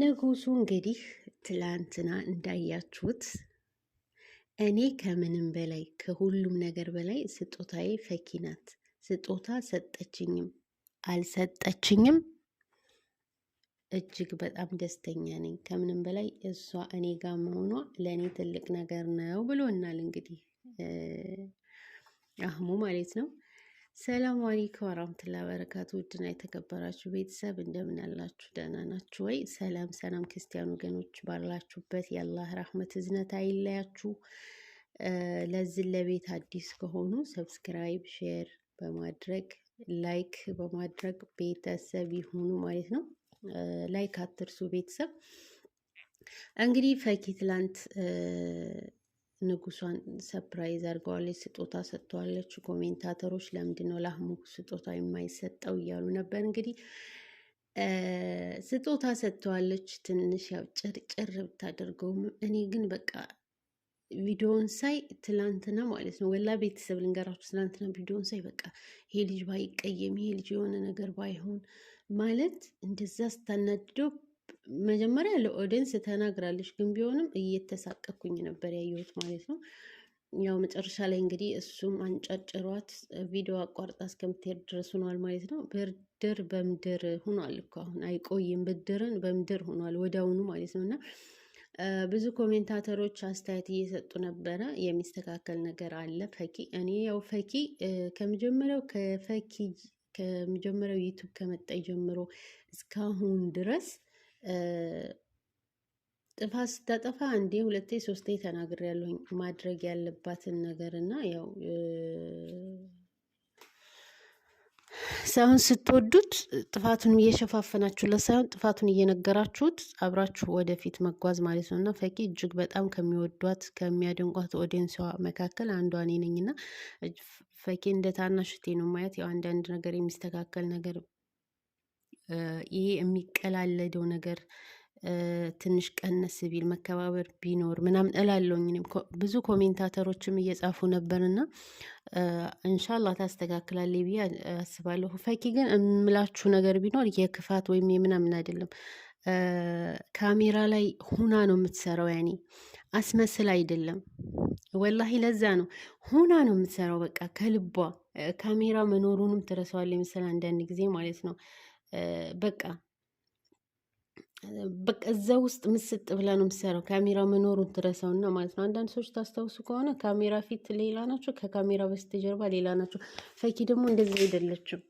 ንጉሱ እንግዲህ ትላንትና እንዳያችሁት እኔ ከምንም በላይ ከሁሉም ነገር በላይ ስጦታዬ ፈኪ ናት። ስጦታ ሰጠችኝም አልሰጠችኝም እጅግ በጣም ደስተኛ ነኝ። ከምንም በላይ እሷ እኔ ጋር መሆኗ ለእኔ ትልቅ ነገር ነው ብሎናል። እንግዲህ አህሙ ማለት ነው። ሰላም አለይኩም ወራህመቱላሂ ወበረካቱ። ውድና የተከበራችሁ ቤተሰብ እንደምን አላችሁ? ደህና ናችሁ ወይ? ሰላም ሰላም፣ ክርስቲያን ወገኖች ባላችሁበት የአላህ ራህመት እዝነት አይለያችሁ። ለዚህ ለቤት አዲስ ከሆኑ ሰብስክራይብ፣ ሼር በማድረግ ላይክ በማድረግ ቤተሰብ ይሁኑ ማለት ነው። ላይክ አትርሱ ቤተሰብ። እንግዲህ ፈኪ ትላንት ንጉሷን ሰፕራይዝ አድርገዋለች፣ ስጦታ ሰጥተዋለች። ኮሜንታተሮች ለምንድን ነው ለአህሙ ስጦታ የማይሰጠው እያሉ ነበር። እንግዲህ ስጦታ ሰጥተዋለች። ትንሽ ያው ጭርጭር ብታደርገውም እኔ ግን በቃ ቪዲዮውን ሳይ ትላንትና ማለት ነው ወላ ቤተሰብ ልንገራችሁ፣ ትላንትና ቪዲዮውን ሳይ በቃ ይሄ ልጅ ባይቀየም ይሄ ልጅ የሆነ ነገር ባይሆን ማለት እንደዛ ስታናድደው መጀመሪያ ለኦዲንስ ተናግራለች፣ ግን ቢሆንም እየተሳቀኩኝ ነበር ያየሁት ማለት ነው። ያው መጨረሻ ላይ እንግዲህ እሱም አንጫጭሯት ቪዲዮ አቋርጣ እስከምትሄድ ድረስ ሆኗል ማለት ነው። ብድር በምድር ሆኗል እኮ አሁን አይቆይም፣ ብድርን በምድር ሆኗል ወዲያውኑ ማለት ነው። እና ብዙ ኮሜንታተሮች አስተያየት እየሰጡ ነበረ፣ የሚስተካከል ነገር አለ ፈኪ። እኔ ያው ፈኪ ከመጀመሪያው ከፈኪ ከመጀመሪያው ዩቱብ ከመጣ ጀምሮ እስካሁን ድረስ ጥፋት ስታጠፋ አንዴ ሁለቴ ሶስቴ ተናግር ያለሁኝ ማድረግ ያለባትን ነገር እና ያው ሳይሆን ስትወዱት ጥፋቱን እየሸፋፈናችሁ ለሳይሆን ጥፋቱን እየነገራችሁት አብራችሁ ወደፊት መጓዝ ማለት ነው እና ፈኪ እጅግ በጣም ከሚወዷት ከሚያደንቋት ኦዲየንሷ መካከል አንዷ እኔ ነኝ እና ፈኪ እንደ ታናሽቴ ነው ማየት ያው አንዳንድ ነገር የሚስተካከል ነገር ይሄ የሚቀላለደው ነገር ትንሽ ቀነስ ቢል መከባበር ቢኖር ምናምን እላለሁኝ። ብዙ ኮሜንታተሮችም እየጻፉ ነበርና እንሻላ ታስተካክላለ ብዬ አስባለሁ። ፈኪ ግን እምላችሁ ነገር ቢኖር የክፋት ወይም የምናምን አይደለም። ካሜራ ላይ ሁና ነው የምትሰራው። ያኔ አስመስል አይደለም። ወላሂ ለዛ ነው ሁና ነው የምትሰራው። በቃ ከልቧ ካሜራ መኖሩንም ትረሳዋለች መሰል አንዳንድ ጊዜ ማለት ነው። በቃ በቃ እዛ ውስጥ ምስጥ ብላ ነው የምትሰራው። ካሜራ መኖሩን ትረሳውና ማለት ነው። አንዳንድ ሰዎች ታስታውሱ ከሆነ ካሜራ ፊት ሌላ ናቸው፣ ከካሜራ በስተጀርባ ሌላ ናቸው። ፈኪ ደግሞ እንደዚህ አይደለችም።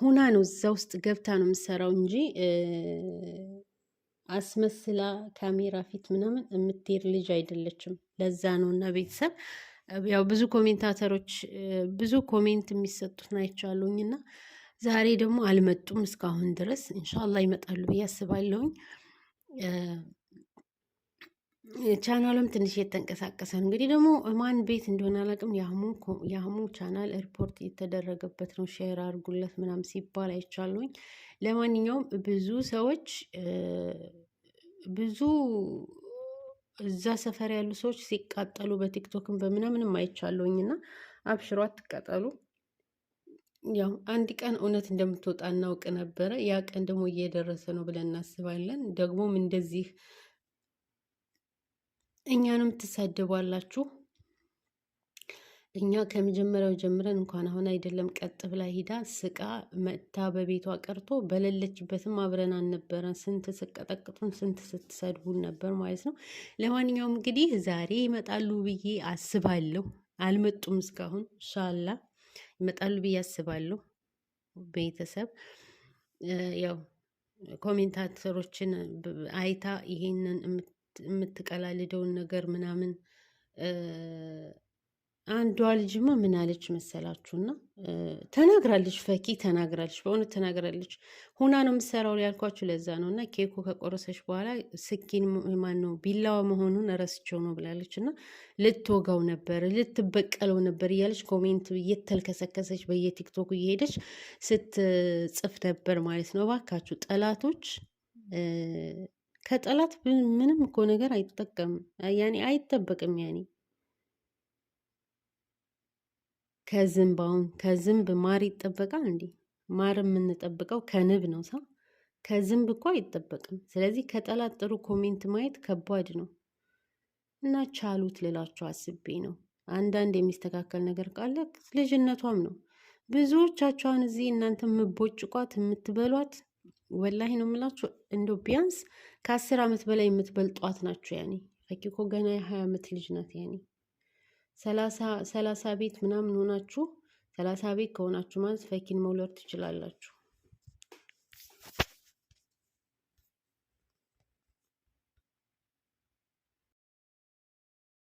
ሁና ነው እዛ ውስጥ ገብታ ነው የምትሰራው እንጂ አስመስላ ካሜራ ፊት ምናምን የምትሄድ ልጅ አይደለችም። ለዛ ነው እና ቤተሰብ ያው ብዙ ኮሜንታተሮች ብዙ ኮሜንት የሚሰጡት ናይቻሉኝ እና ዛሬ ደግሞ አልመጡም እስካሁን ድረስ። እንሻላ ይመጣሉ ብዬ አስባለሁኝ። ቻናሉም ትንሽ የተንቀሳቀሰ ነው። እንግዲህ ደግሞ ማን ቤት እንደሆነ አላውቅም። የአህሙ ቻናል ሪፖርት የተደረገበት ነው። ሼር አድርጉለት ምናምን ሲባል አይቻለኝ። ለማንኛውም ብዙ ሰዎች ብዙ እዛ ሰፈር ያሉ ሰዎች ሲቃጠሉ በቲክቶክም በምናምንም አይቻለሁኝ እና አብሽሮ አትቃጠሉ። ያው አንድ ቀን እውነት እንደምትወጣ እናውቅ ነበረ። ያ ቀን ደግሞ እየደረሰ ነው ብለን እናስባለን። ደግሞም እንደዚህ እኛንም ትሳደባላችሁ። እኛ ከመጀመሪያው ጀምረን እንኳን አሁን አይደለም ቀጥ ብላ ሂዳ ስቃ መታ በቤቷ ቀርቶ በሌለችበትም አብረን አልነበረን። ስንት ስቀጠቅጡን፣ ስንት ስትሰድቡን ነበር ማለት ነው። ለማንኛውም እንግዲህ ዛሬ ይመጣሉ ብዬ አስባለሁ። አልመጡም እስካሁን ኢንሻላህ ይመጣሉ ብዬ አስባለሁ። ቤተሰብ ያው ኮሜንታተሮችን አይታ ይሄንን የምትቀላልደውን ነገር ምናምን አንዷ ልጅማ ምን አለች መሰላችሁና፣ ተናግራለች። ፈኪ ተናግራለች፣ በእውነት ተናግራለች። ሁና ነው የምሰራው ያልኳችሁ ለዛ ነው። እና ኬኩ ከቆረሰች በኋላ ስኪን ማን ነው ቢላዋ መሆኑን ረስቸው ነው ብላለች። እና ልትወጋው ነበር፣ ልትበቀለው ነበር እያለች ኮሜንት እየተልከሰከሰች በየቲክቶኩ እየሄደች ስትጽፍ ነበር ማለት ነው። እባካችሁ ጠላቶች ከጠላት ምንም እኮ ነገር አይጠቀምም፣ ያኔ አይጠበቅም ያኔ ከዝንብ አሁን ከዝንብ ማር ይጠበቃል እንዴ? ማር የምንጠብቀው ከንብ ነው ሳ ከዝንብ እኮ አይጠበቅም። ስለዚህ ከጠላት ጥሩ ኮሜንት ማየት ከባድ ነው እና ቻሉት ልላችሁ አስቤ ነው። አንዳንድ የሚስተካከል ነገር ካለ ልጅነቷም ነው። ብዙዎቻቸውን እዚህ እናንተ የምቦጭቋት የምትበሏት ወላሂ ነው የምላችሁ። እንደው ቢያንስ ከአስር ዓመት በላይ የምትበልጧት ናቸው። ያኔ ፈኪኮ ገና የሀያ ዓመት ልጅ ናት ያኔ ሰላሳ ቤት ምናምን ሆናችሁ ሰላሳ ቤት ከሆናችሁ ማለት ፈኪን መውለድ ትችላላችሁ።